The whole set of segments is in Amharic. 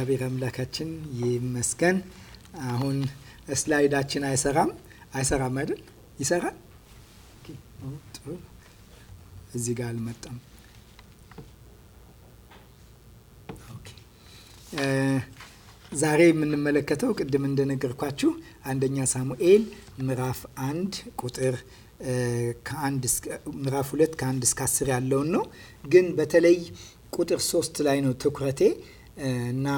እግዚአብሔር አምላካችን ይመስገን። አሁን ስላይዳችን አይሰራም አይሰራም አይደል? ይሰራል። እዚህ ጋር አልመጣም። ዛሬ የምንመለከተው ቅድም እንደነገርኳችሁ አንደኛ ሳሙኤል ምዕራፍ አንድ ቁጥር ምዕራፍ ሁለት ከአንድ እስከ አስር ያለውን ነው። ግን በተለይ ቁጥር ሶስት ላይ ነው ትኩረቴ እና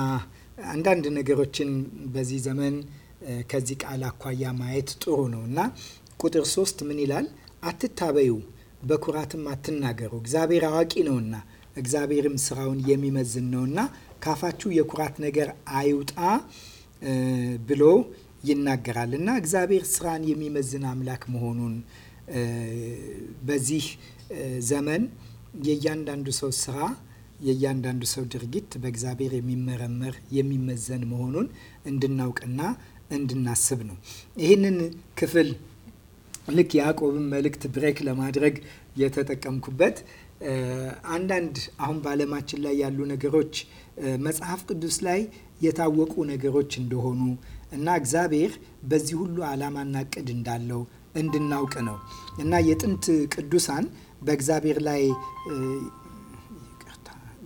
አንዳንድ ነገሮችን በዚህ ዘመን ከዚህ ቃል አኳያ ማየት ጥሩ ነው እና ቁጥር ሶስት ምን ይላል? አትታበዩ፣ በኩራትም አትናገሩ፣ እግዚአብሔር አዋቂ ነውና እግዚአብሔርም ስራውን የሚመዝን ነውና ካፋችሁ የኩራት ነገር አይውጣ ብሎ ይናገራል እና እግዚአብሔር ስራን የሚመዝን አምላክ መሆኑን በዚህ ዘመን የእያንዳንዱ ሰው ስራ የእያንዳንዱ ሰው ድርጊት በእግዚአብሔር የሚመረመር የሚመዘን መሆኑን እንድናውቅና እንድናስብ ነው። ይህንን ክፍል ልክ የያዕቆብን መልእክት ብሬክ ለማድረግ የተጠቀምኩበት አንዳንድ አሁን በዓለማችን ላይ ያሉ ነገሮች መጽሐፍ ቅዱስ ላይ የታወቁ ነገሮች እንደሆኑ እና እግዚአብሔር በዚህ ሁሉ ዓላማና እቅድ እንዳለው እንድናውቅ ነው እና የጥንት ቅዱሳን በእግዚአብሔር ላይ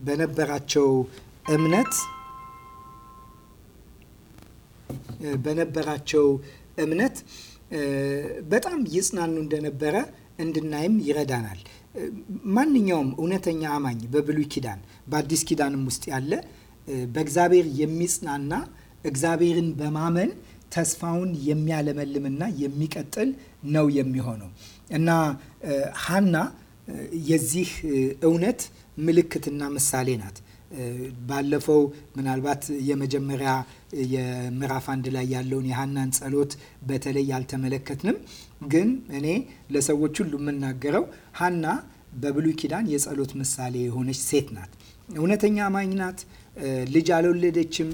በነበራቸው እምነት በነበራቸው እምነት በጣም ይጽናኑ እንደነበረ እንድናይም ይረዳናል። ማንኛውም እውነተኛ አማኝ በብሉይ ኪዳን በአዲስ ኪዳንም ውስጥ ያለ በእግዚአብሔር የሚጽናና እግዚአብሔርን በማመን ተስፋውን የሚያለመልምና የሚቀጥል ነው የሚሆነው እና ሀና የዚህ እውነት ምልክትና ምሳሌ ናት። ባለፈው ምናልባት የመጀመሪያ የምዕራፍ አንድ ላይ ያለውን የሀናን ጸሎት በተለይ አልተመለከትንም። ግን እኔ ለሰዎች ሁሉ የምናገረው ሀና በብሉይ ኪዳን የጸሎት ምሳሌ የሆነች ሴት ናት። እውነተኛ አማኝ ናት። ልጅ አልወለደችም።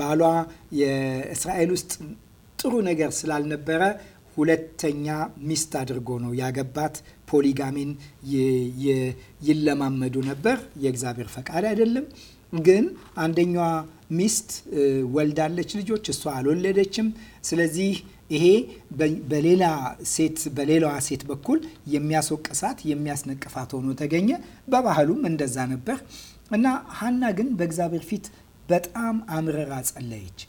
ባሏ የእስራኤል ውስጥ ጥሩ ነገር ስላልነበረ ሁለተኛ ሚስት አድርጎ ነው ያገባት። ፖሊጋሚን ይለማመዱ ነበር። የእግዚአብሔር ፈቃድ አይደለም። ግን አንደኛዋ ሚስት ወልዳለች ልጆች፣ እሷ አልወለደችም። ስለዚህ ይሄ በሌላ ሴት በሌላዋ ሴት በኩል የሚያስወቅሳት የሚያስነቅፋት ሆኖ ተገኘ። በባህሉም እንደዛ ነበር እና ሀና ግን በእግዚአብሔር ፊት በጣም አምረራ ጸለየች።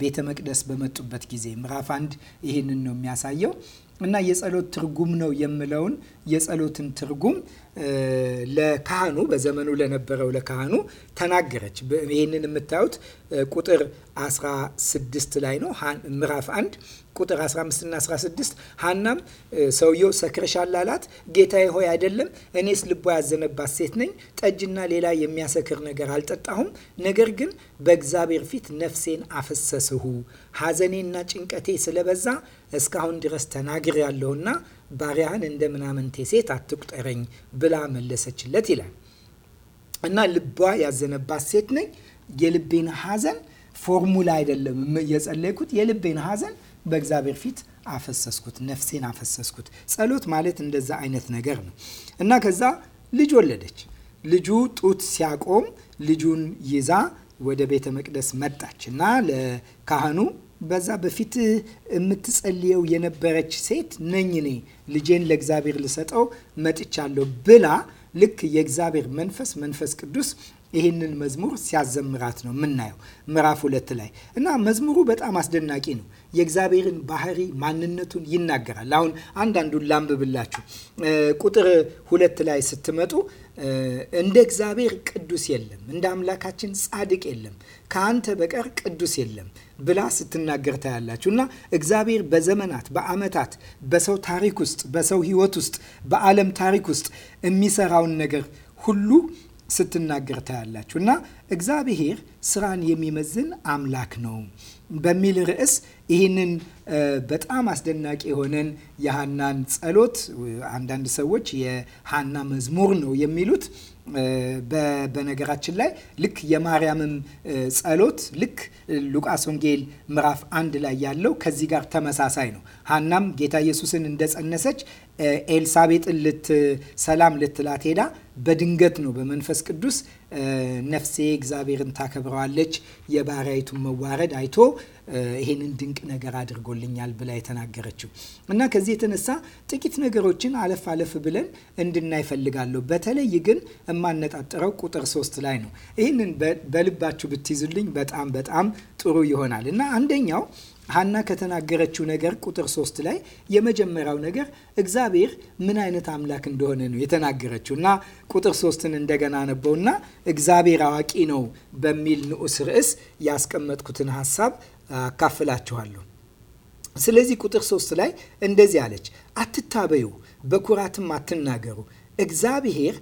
ቤተ መቅደስ በመጡበት ጊዜ ምዕራፍ አንድ ይህንን ነው የሚያሳየው እና የጸሎት ትርጉም ነው የምለውን የጸሎትን ትርጉም ለካህኑ በዘመኑ ለነበረው ለካህኑ ተናገረች። ይህንን የምታዩት ቁጥር 16 ላይ ነው። ምዕራፍ 1 ቁጥር 15ና 16 ሀናም ሰውየው ሰክረሻል አላት። ጌታዬ ሆይ አይደለም፣ እኔስ ልቦ ያዘነባት ሴት ነኝ። ጠጅና ሌላ የሚያሰክር ነገር አልጠጣሁም። ነገር ግን በእግዚአብሔር ፊት ነፍሴን አፈሰስሁ፣ ሀዘኔና ጭንቀቴ ስለበዛ እስካሁን ድረስ ተናግር ያለሁና። ባሪያህን እንደ ምናምንቴ ሴት አትቁጠረኝ ብላ መለሰችለት ይላል እና ልቧ ያዘነባት ሴት ነኝ። የልቤን ሐዘን ፎርሙላ አይደለም የጸለይኩት፣ የልቤን ሐዘን በእግዚአብሔር ፊት አፈሰስኩት፣ ነፍሴን አፈሰስኩት። ጸሎት ማለት እንደዛ አይነት ነገር ነው እና ከዛ ልጅ ወለደች። ልጁ ጡት ሲያቆም ልጁን ይዛ ወደ ቤተ መቅደስ መጣች እና ለካህኑ በዛ በፊት የምትጸልየው የነበረች ሴት ነኝ እኔ ልጄን ለእግዚአብሔር ልሰጠው መጥቻለሁ ብላ ልክ የእግዚአብሔር መንፈስ መንፈስ ቅዱስ ይህንን መዝሙር ሲያዘምራት ነው የምናየው ምዕራፍ ሁለት ላይ እና መዝሙሩ በጣም አስደናቂ ነው። የእግዚአብሔርን ባህሪ ማንነቱን ይናገራል። አሁን አንዳንዱን ላንብብላችሁ። ቁጥር ሁለት ላይ ስትመጡ እንደ እግዚአብሔር ቅዱስ የለም፣ እንደ አምላካችን ጻድቅ የለም፣ ከአንተ በቀር ቅዱስ የለም ብላ ስትናገር ታያላችሁ። እና እግዚአብሔር በዘመናት በዓመታት፣ በሰው ታሪክ ውስጥ፣ በሰው ህይወት ውስጥ፣ በዓለም ታሪክ ውስጥ የሚሰራውን ነገር ሁሉ ስትናገር ታያላችሁ። እና እግዚአብሔር ስራን የሚመዝን አምላክ ነው በሚል ርዕስ ይህንን በጣም አስደናቂ የሆነን የሀናን ጸሎት አንዳንድ ሰዎች የሀና መዝሙር ነው የሚሉት። በነገራችን ላይ ልክ የማርያምም ጸሎት ልክ ሉቃስ ወንጌል ምዕራፍ አንድ ላይ ያለው ከዚህ ጋር ተመሳሳይ ነው። ሀናም ጌታ ኢየሱስን እንደጸነሰች ኤልሳቤጥን ልትሰላም ልትላት ሄዳ በድንገት ነው በመንፈስ ቅዱስ ነፍሴ እግዚአብሔርን ታከብረዋለች፣ የባሪያይቱን መዋረድ አይቶ ይሄንን ድንቅ ነገር አድርጎልኛል ብላ የተናገረችው እና ከዚህ የተነሳ ጥቂት ነገሮችን አለፍ አለፍ ብለን እንድናይ በተለይ ግን የማነጣጠረው ቁጥር ሶስት ላይ ነው። ይህንን በልባችሁ ብትይዙልኝ በጣም በጣም ጥሩ ይሆናል እና አንደኛው ሀና ከተናገረችው ነገር ቁጥር ሶስት ላይ የመጀመሪያው ነገር እግዚአብሔር ምን አይነት አምላክ እንደሆነ ነው የተናገረችው እና ቁጥር ሶስትን እንደገና ነበውና እግዚአብሔር አዋቂ ነው በሚል ንዑስ ርዕስ ያስቀመጥኩትን ሀሳብ አካፍላችኋለሁ። ስለዚህ ቁጥር ሶስት ላይ እንደዚህ አለች፣ አትታበዩ፣ በኩራትም አትናገሩ፣ እግዚአብሔር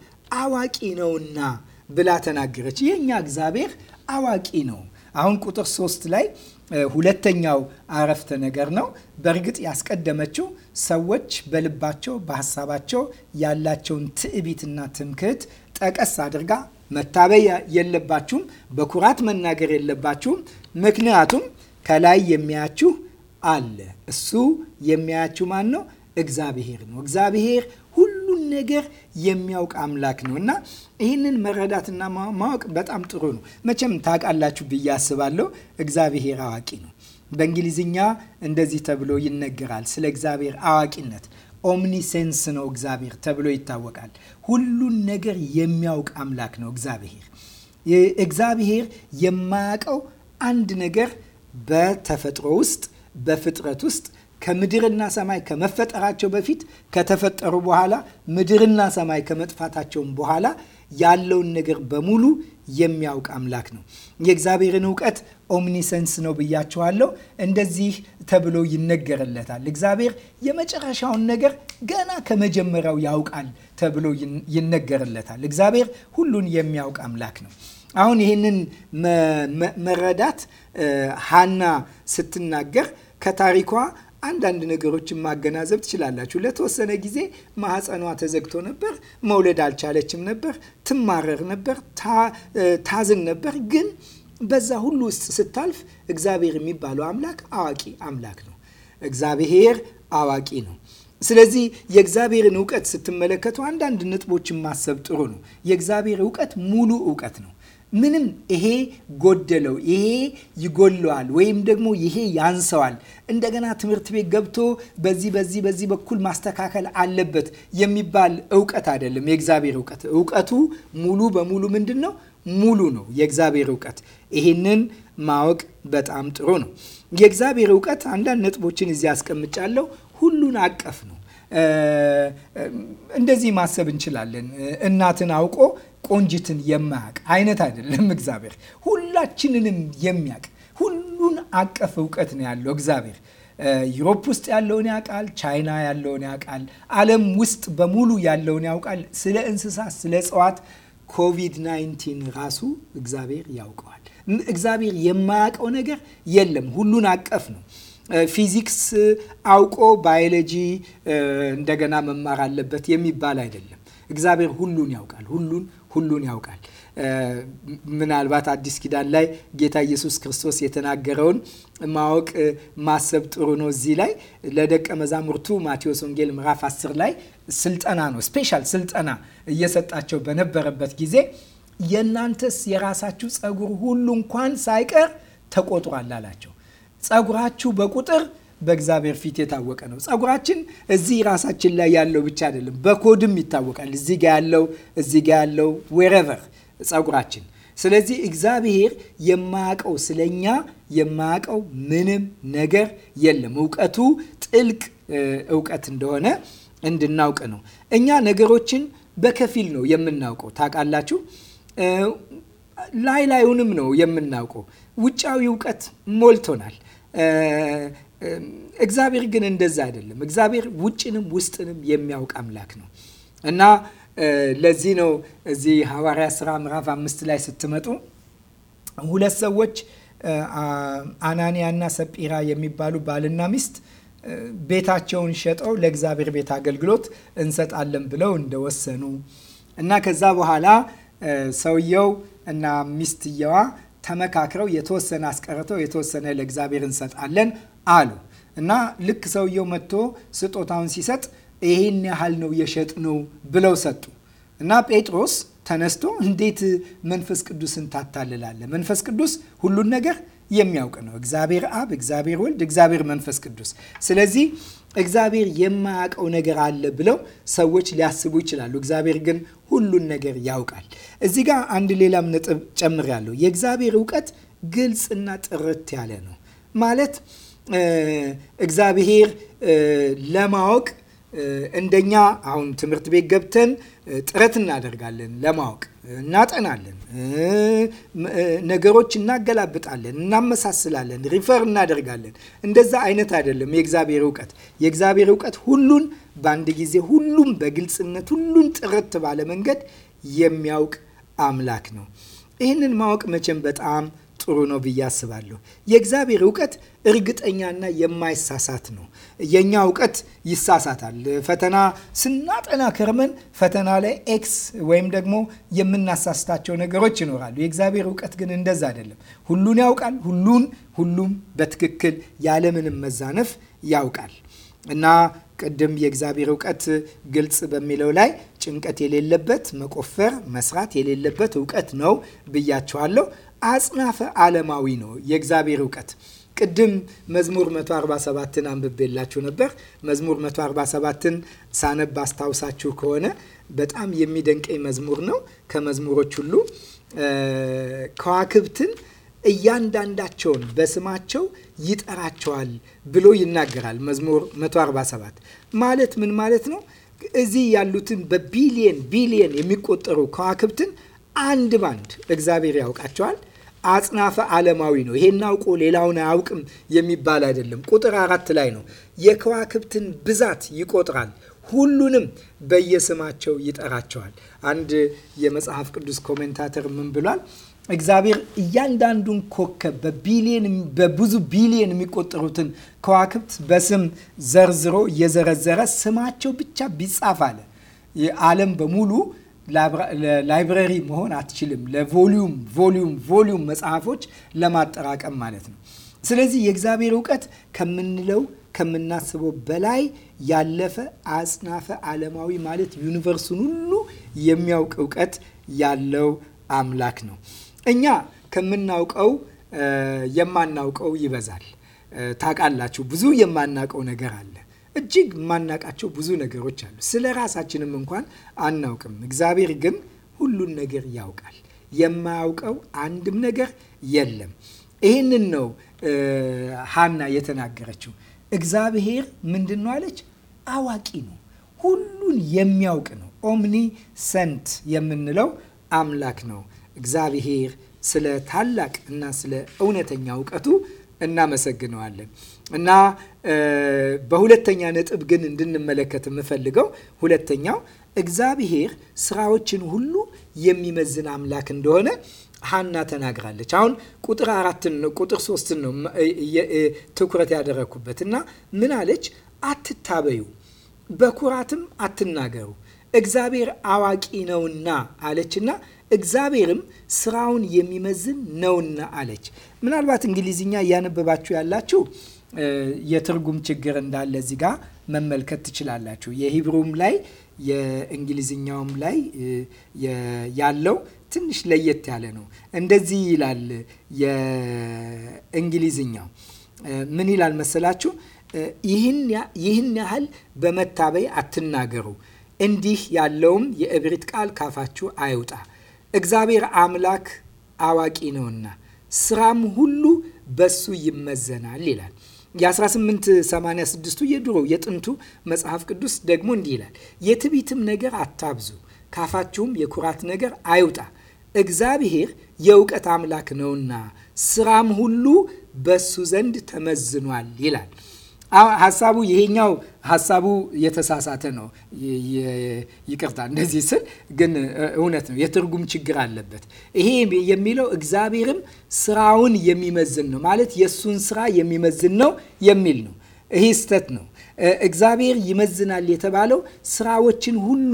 አዋቂ ነውና ብላ ተናገረች። የእኛ እግዚአብሔር አዋቂ ነው። አሁን ቁጥር ሶስት ላይ ሁለተኛው አረፍተ ነገር ነው። በእርግጥ ያስቀደመችው ሰዎች በልባቸው በሀሳባቸው ያላቸውን ትዕቢትና ትምክህት ጠቀስ አድርጋ መታበይ የለባችሁም፣ በኩራት መናገር የለባችሁም፣ ምክንያቱም ከላይ የሚያችሁ አለ። እሱ የሚያችሁ ማን ነው? እግዚአብሔር ነው። እግዚአብሔር ሁሉን ነገር የሚያውቅ አምላክ ነው እና ይህንን መረዳትና ማወቅ በጣም ጥሩ ነው። መቼም ታውቃላችሁ ብዬ አስባለሁ። እግዚአብሔር አዋቂ ነው። በእንግሊዝኛ እንደዚህ ተብሎ ይነገራል። ስለ እግዚአብሔር አዋቂነት ኦምኒሴንስ ነው እግዚአብሔር ተብሎ ይታወቃል። ሁሉን ነገር የሚያውቅ አምላክ ነው እግዚአብሔር። እግዚአብሔር የማያውቀው አንድ ነገር በተፈጥሮ ውስጥ በፍጥረት ውስጥ ከምድርና ሰማይ ከመፈጠራቸው በፊት ከተፈጠሩ በኋላ ምድርና ሰማይ ከመጥፋታቸውም በኋላ ያለውን ነገር በሙሉ የሚያውቅ አምላክ ነው። የእግዚአብሔርን እውቀት ኦምኒሰንስ ነው ብያችኋለሁ። እንደዚህ ተብሎ ይነገርለታል። እግዚአብሔር የመጨረሻውን ነገር ገና ከመጀመሪያው ያውቃል ተብሎ ይነገርለታል። እግዚአብሔር ሁሉን የሚያውቅ አምላክ ነው። አሁን ይህንን መረዳት ሀና ስትናገር ከታሪኳ አንዳንድ ነገሮችን ማገናዘብ ትችላላችሁ። ለተወሰነ ጊዜ ማህፀኗ ተዘግቶ ነበር፣ መውለድ አልቻለችም ነበር፣ ትማረር ነበር፣ ታዝን ነበር። ግን በዛ ሁሉ ውስጥ ስታልፍ እግዚአብሔር የሚባለው አምላክ አዋቂ አምላክ ነው። እግዚአብሔር አዋቂ ነው። ስለዚህ የእግዚአብሔርን እውቀት ስትመለከቱ አንዳንድ ነጥቦችን ማሰብ ጥሩ ነው። የእግዚአብሔር እውቀት ሙሉ እውቀት ነው። ምንም ይሄ ጎደለው፣ ይሄ ይጎለዋል፣ ወይም ደግሞ ይሄ ያንሰዋል፣ እንደገና ትምህርት ቤት ገብቶ በዚህ በዚህ በዚህ በኩል ማስተካከል አለበት የሚባል እውቀት አይደለም። የእግዚአብሔር እውቀት እውቀቱ ሙሉ በሙሉ ምንድን ነው? ሙሉ ነው የእግዚአብሔር እውቀት። ይሄንን ማወቅ በጣም ጥሩ ነው። የእግዚአብሔር እውቀት አንዳንድ ነጥቦችን እዚህ አስቀምጫለሁ። ሁሉን አቀፍ ነው። እንደዚህ ማሰብ እንችላለን። እናትን አውቆ ቆንጅትን የማያውቅ አይነት አይደለም እግዚአብሔር። ሁላችንንም የሚያውቅ ሁሉን አቀፍ እውቀት ነው ያለው እግዚአብሔር። ዩሮፕ ውስጥ ያለውን ያውቃል። ቻይና ያለውን ያውቃል። ዓለም ውስጥ በሙሉ ያለውን ያውቃል። ስለ እንስሳት፣ ስለ እጽዋት ኮቪድ-19 ራሱ እግዚአብሔር ያውቀዋል። እግዚአብሔር የማያውቀው ነገር የለም። ሁሉን አቀፍ ነው። ፊዚክስ አውቆ ባዮሎጂ እንደገና መማር አለበት የሚባል አይደለም። እግዚአብሔር ሁሉን ያውቃል። ሁሉን ሁሉን ያውቃል። ምናልባት አዲስ ኪዳን ላይ ጌታ ኢየሱስ ክርስቶስ የተናገረውን ማወቅ ማሰብ ጥሩ ነው። እዚህ ላይ ለደቀ መዛሙርቱ ማቴዎስ ወንጌል ምዕራፍ 10 ላይ ስልጠና ነው፣ ስፔሻል ስልጠና እየሰጣቸው በነበረበት ጊዜ የእናንተስ የራሳችሁ ፀጉር ሁሉ እንኳን ሳይቀር ተቆጥሯል አላቸው። ፀጉራችሁ በቁጥር በእግዚአብሔር ፊት የታወቀ ነው። ጸጉራችን እዚህ ራሳችን ላይ ያለው ብቻ አይደለም፣ በኮድም ይታወቃል። እዚህ ጋ ያለው፣ እዚህ ጋ ያለው ዌሬቨር ጸጉራችን። ስለዚህ እግዚአብሔር የማያውቀው ስለኛ የማያውቀው ምንም ነገር የለም። እውቀቱ ጥልቅ እውቀት እንደሆነ እንድናውቅ ነው። እኛ ነገሮችን በከፊል ነው የምናውቀው። ታውቃላችሁ ላይ ላዩንም ነው የምናውቀው። ውጫዊ እውቀት ሞልቶናል። እግዚአብሔር ግን እንደዛ አይደለም። እግዚአብሔር ውጭንም ውስጥንም የሚያውቅ አምላክ ነው እና ለዚህ ነው እዚህ ሐዋርያ ስራ ምዕራፍ አምስት ላይ ስትመጡ ሁለት ሰዎች አናንያና ሰጲራ የሚባሉ ባልና ሚስት ቤታቸውን ሸጠው ለእግዚአብሔር ቤት አገልግሎት እንሰጣለን ብለው እንደወሰኑ እና ከዛ በኋላ ሰውየው እና ሚስትየዋ ተመካክረው የተወሰነ አስቀርተው የተወሰነ ለእግዚአብሔር እንሰጣለን አሉ እና ልክ ሰውየው መጥቶ ስጦታውን ሲሰጥ ይሄን ያህል ነው የሸጥ ነው ብለው ሰጡ እና ጴጥሮስ ተነስቶ እንዴት መንፈስ ቅዱስን ታታልላለ? መንፈስ ቅዱስ ሁሉን ነገር የሚያውቅ ነው። እግዚአብሔር አብ፣ እግዚአብሔር ወልድ፣ እግዚአብሔር መንፈስ ቅዱስ። ስለዚህ እግዚአብሔር የማያውቀው ነገር አለ ብለው ሰዎች ሊያስቡ ይችላሉ። እግዚአብሔር ግን ሁሉን ነገር ያውቃል። እዚህ ጋር አንድ ሌላም ነጥብ ጨምሬያለሁ። የእግዚአብሔር እውቀት ግልጽና ጥርት ያለ ነው ማለት እግዚአብሔር ለማወቅ እንደኛ አሁን ትምህርት ቤት ገብተን ጥረት እናደርጋለን ለማወቅ እናጠናለን፣ ነገሮች እናገላብጣለን፣ እናመሳስላለን፣ ሪፈር እናደርጋለን። እንደዛ አይነት አይደለም የእግዚአብሔር እውቀት። የእግዚአብሔር እውቀት ሁሉን በአንድ ጊዜ፣ ሁሉም በግልጽነት፣ ሁሉን ጥርት ባለ መንገድ የሚያውቅ አምላክ ነው። ይህንን ማወቅ መቼም በጣም ጥሩ ነው ብዬ አስባለሁ። የእግዚአብሔር እውቀት እርግጠኛና የማይሳሳት ነው። የእኛ እውቀት ይሳሳታል። ፈተና ስናጠና ከርመን ፈተና ላይ ኤክስ ወይም ደግሞ የምናሳስታቸው ነገሮች ይኖራሉ። የእግዚአብሔር እውቀት ግን እንደዛ አይደለም። ሁሉን ያውቃል። ሁሉን ሁሉም በትክክል ያለምንም መዛነፍ ያውቃል እና ቅድም የእግዚአብሔር እውቀት ግልጽ በሚለው ላይ ጭንቀት የሌለበት መቆፈር መስራት የሌለበት እውቀት ነው ብያችኋለሁ። አጽናፈ ዓለማዊ ነው የእግዚአብሔር እውቀት። ቅድም መዝሙር 147ን አንብቤላችሁ ነበር። መዝሙር 147ን ሳነብ አስታውሳችሁ ከሆነ በጣም የሚደንቀኝ መዝሙር ነው። ከመዝሙሮች ሁሉ ከዋክብትን እያንዳንዳቸውን በስማቸው ይጠራቸዋል ብሎ ይናገራል። መዝሙር 147 ማለት ምን ማለት ነው? እዚህ ያሉትን በቢሊየን ቢሊየን የሚቆጠሩ ከዋክብትን አንድ ባንድ እግዚአብሔር ያውቃቸዋል። አጽናፈ ዓለማዊ ነው። ይሄን አውቆ ሌላውን አያውቅም የሚባል አይደለም። ቁጥር አራት ላይ ነው የከዋክብትን ብዛት ይቆጥራል፣ ሁሉንም በየስማቸው ይጠራቸዋል። አንድ የመጽሐፍ ቅዱስ ኮሜንታተር ምን ብሏል? እግዚአብሔር እያንዳንዱን ኮከብ በቢሊየን በብዙ ቢሊየን የሚቆጠሩትን ከዋክብት በስም ዘርዝሮ እየዘረዘረ ስማቸው ብቻ ቢጻፍ አለ የዓለም በሙሉ ላይብረሪ መሆን አትችልም። ለቮሊዩም ቮሊዩም ቮሊዩም መጽሐፎች ለማጠራቀም ማለት ነው። ስለዚህ የእግዚአብሔር እውቀት ከምንለው ከምናስበው በላይ ያለፈ አጽናፈ ዓለማዊ ማለት ዩኒቨርሱን ሁሉ የሚያውቅ እውቀት ያለው አምላክ ነው። እኛ ከምናውቀው የማናውቀው ይበዛል። ታውቃላችሁ፣ ብዙ የማናውቀው ነገር አለ። እጅግ ማናቃቸው ብዙ ነገሮች አሉ። ስለ ራሳችንም እንኳን አናውቅም። እግዚአብሔር ግን ሁሉን ነገር ያውቃል። የማያውቀው አንድም ነገር የለም። ይህንን ነው ሀና የተናገረችው። እግዚአብሔር ምንድን ነው አለች? አዋቂ ነው፣ ሁሉን የሚያውቅ ነው። ኦምኒ ሰንት የምንለው አምላክ ነው። እግዚአብሔር ስለ ታላቅ እና ስለ እውነተኛ እውቀቱ እናመሰግነዋለን። እና በሁለተኛ ነጥብ ግን እንድንመለከት የምፈልገው ሁለተኛው እግዚአብሔር ስራዎችን ሁሉ የሚመዝን አምላክ እንደሆነ ሀና ተናግራለች። አሁን ቁጥር አራትን ነው ቁጥር ሶስትን ነው ትኩረት ያደረግኩበት እና ምን አለች? አትታበዩ፣ በኩራትም አትናገሩ፣ እግዚአብሔር አዋቂ ነውና አለችና እግዚአብሔርም ስራውን የሚመዝን ነውና አለች። ምናልባት እንግሊዝኛ እያነበባችሁ ያላችሁ የትርጉም ችግር እንዳለ እዚህ ጋር መመልከት ትችላላችሁ። የሂብሩም ላይ የእንግሊዝኛውም ላይ ያለው ትንሽ ለየት ያለ ነው። እንደዚህ ይላል። የእንግሊዝኛው ምን ይላል መሰላችሁ? ይህን ያህል በመታበይ አትናገሩ፣ እንዲህ ያለውም የእብሪት ቃል ካፋችሁ አይውጣ እግዚአብሔር አምላክ አዋቂ ነውና ስራም ሁሉ በሱ ይመዘናል ይላል። የ1886ቱ የድሮ የጥንቱ መጽሐፍ ቅዱስ ደግሞ እንዲህ ይላል፣ የትቢትም ነገር አታብዙ፣ ካፋችሁም የኩራት ነገር አይውጣ፣ እግዚአብሔር የእውቀት አምላክ ነውና ስራም ሁሉ በሱ ዘንድ ተመዝኗል ይላል። ሀሳቡ ይሄኛው ሀሳቡ የተሳሳተ ነው። ይቅርታ እንደዚህ ስል ግን እውነት ነው። የትርጉም ችግር አለበት። ይሄ የሚለው እግዚአብሔርም ስራውን የሚመዝን ነው ማለት የእሱን ስራ የሚመዝን ነው የሚል ነው። ይሄ ስተት ነው። እግዚአብሔር ይመዝናል የተባለው ስራዎችን ሁሉ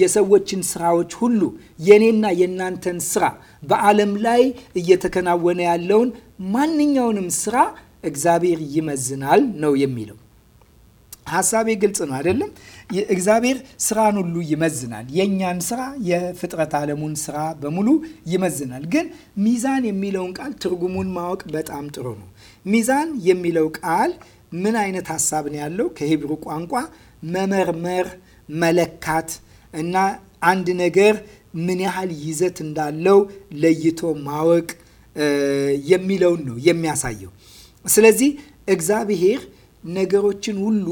የሰዎችን ስራዎች ሁሉ የኔና የእናንተን ስራ በዓለም ላይ እየተከናወነ ያለውን ማንኛውንም ስራ እግዚአብሔር ይመዝናል ነው የሚለው። ሀሳቤ ግልጽ ነው አይደለም? እግዚአብሔር ስራን ሁሉ ይመዝናል። የእኛን ስራ፣ የፍጥረት ዓለሙን ስራ በሙሉ ይመዝናል። ግን ሚዛን የሚለውን ቃል ትርጉሙን ማወቅ በጣም ጥሩ ነው። ሚዛን የሚለው ቃል ምን አይነት ሀሳብ ነው ያለው? ከሂብሩ ቋንቋ መመርመር፣ መለካት እና አንድ ነገር ምን ያህል ይዘት እንዳለው ለይቶ ማወቅ የሚለውን ነው የሚያሳየው። ስለዚህ እግዚአብሔር ነገሮችን ሁሉ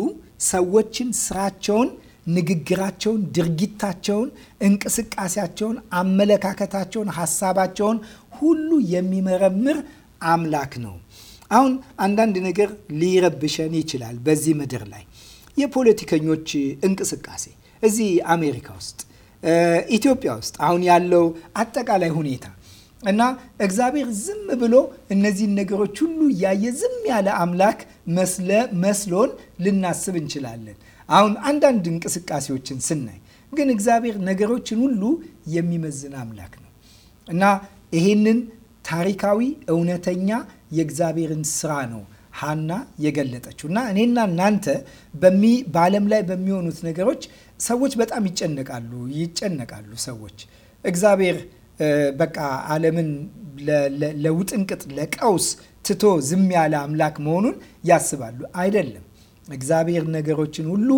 ሰዎችን፣ ስራቸውን፣ ንግግራቸውን፣ ድርጊታቸውን፣ እንቅስቃሴያቸውን፣ አመለካከታቸውን፣ ሀሳባቸውን ሁሉ የሚመረምር አምላክ ነው። አሁን አንዳንድ ነገር ሊረብሸን ይችላል። በዚህ ምድር ላይ የፖለቲከኞች እንቅስቃሴ እዚህ አሜሪካ ውስጥ፣ ኢትዮጵያ ውስጥ አሁን ያለው አጠቃላይ ሁኔታ እና እግዚአብሔር ዝም ብሎ እነዚህን ነገሮች ሁሉ እያየ ዝም ያለ አምላክ መስሎን ልናስብ እንችላለን። አሁን አንዳንድ እንቅስቃሴዎችን ስናይ ግን እግዚአብሔር ነገሮችን ሁሉ የሚመዝን አምላክ ነው እና ይሄንን ታሪካዊ እውነተኛ የእግዚአብሔርን ስራ ነው ሀና የገለጠችው እና እኔና እናንተ በዓለም ላይ በሚሆኑት ነገሮች ሰዎች በጣም ይጨነቃሉ ይጨነቃሉ ሰዎች እግዚአብሔር በቃ ዓለምን ለውጥንቅጥ ለቀውስ ትቶ ዝም ያለ አምላክ መሆኑን ያስባሉ። አይደለም። እግዚአብሔር ነገሮችን ሁሉ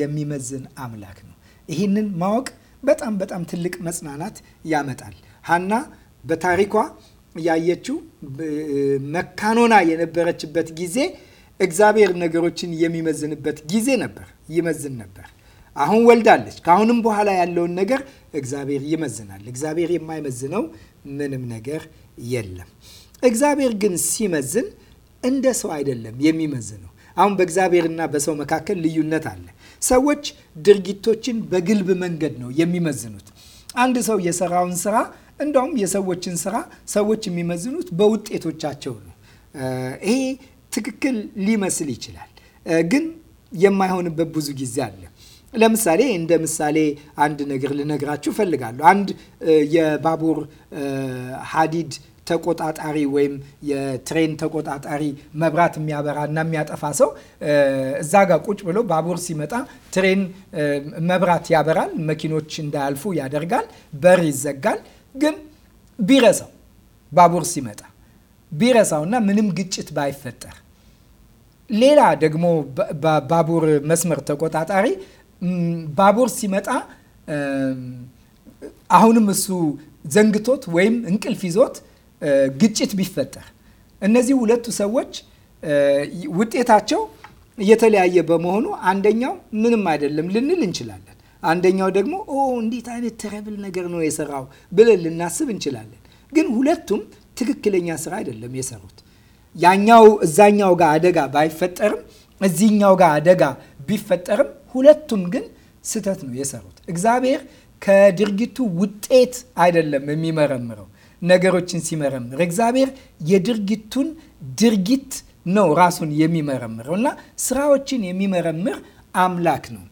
የሚመዝን አምላክ ነው። ይህንን ማወቅ በጣም በጣም ትልቅ መጽናናት ያመጣል። ሀና በታሪኳ ያየችው መካኖና የነበረችበት ጊዜ እግዚአብሔር ነገሮችን የሚመዝንበት ጊዜ ነበር። ይመዝን ነበር። አሁን ወልዳለች። ከአሁንም በኋላ ያለውን ነገር እግዚአብሔር ይመዝናል። እግዚአብሔር የማይመዝነው ምንም ነገር የለም። እግዚአብሔር ግን ሲመዝን እንደ ሰው አይደለም የሚመዝነው። አሁን በእግዚአብሔርና በሰው መካከል ልዩነት አለ። ሰዎች ድርጊቶችን በግልብ መንገድ ነው የሚመዝኑት። አንድ ሰው የሰራውን ስራ እንዳውም የሰዎችን ስራ ሰዎች የሚመዝኑት በውጤቶቻቸው ነው። ይሄ ትክክል ሊመስል ይችላል፣ ግን የማይሆንበት ብዙ ጊዜ አለ። ለምሳሌ እንደ ምሳሌ አንድ ነገር ልነግራችሁ እፈልጋለሁ። አንድ የባቡር ሀዲድ ተቆጣጣሪ ወይም የትሬን ተቆጣጣሪ መብራት የሚያበራ እና የሚያጠፋ ሰው እዛ ጋር ቁጭ ብሎ ባቡር ሲመጣ ትሬን መብራት ያበራል፣ መኪኖች እንዳያልፉ ያደርጋል፣ በር ይዘጋል። ግን ቢረሳው ባቡር ሲመጣ ቢረሳውና ምንም ግጭት ባይፈጠር ሌላ ደግሞ ባቡር መስመር ተቆጣጣሪ ባቡር ሲመጣ አሁንም እሱ ዘንግቶት ወይም እንቅልፍ ይዞት ግጭት ቢፈጠር እነዚህ ሁለቱ ሰዎች ውጤታቸው የተለያየ በመሆኑ አንደኛው ምንም አይደለም ልንል እንችላለን። አንደኛው ደግሞ ኦ እንዴት አይነት ተረብል ነገር ነው የሰራው ብለን ልናስብ እንችላለን። ግን ሁለቱም ትክክለኛ ስራ አይደለም የሰሩት። ያኛው እዛኛው ጋር አደጋ ባይፈጠርም እዚህኛው ጋር አደጋ ቢፈጠርም ሁለቱም ግን ስህተት ነው የሰሩት። እግዚአብሔር ከድርጊቱ ውጤት አይደለም የሚመረምረው ነገሮችን ሲመረምር፣ እግዚአብሔር የድርጊቱን ድርጊት ነው ራሱን የሚመረምረው እና ስራዎችን የሚመረምር አምላክ ነው።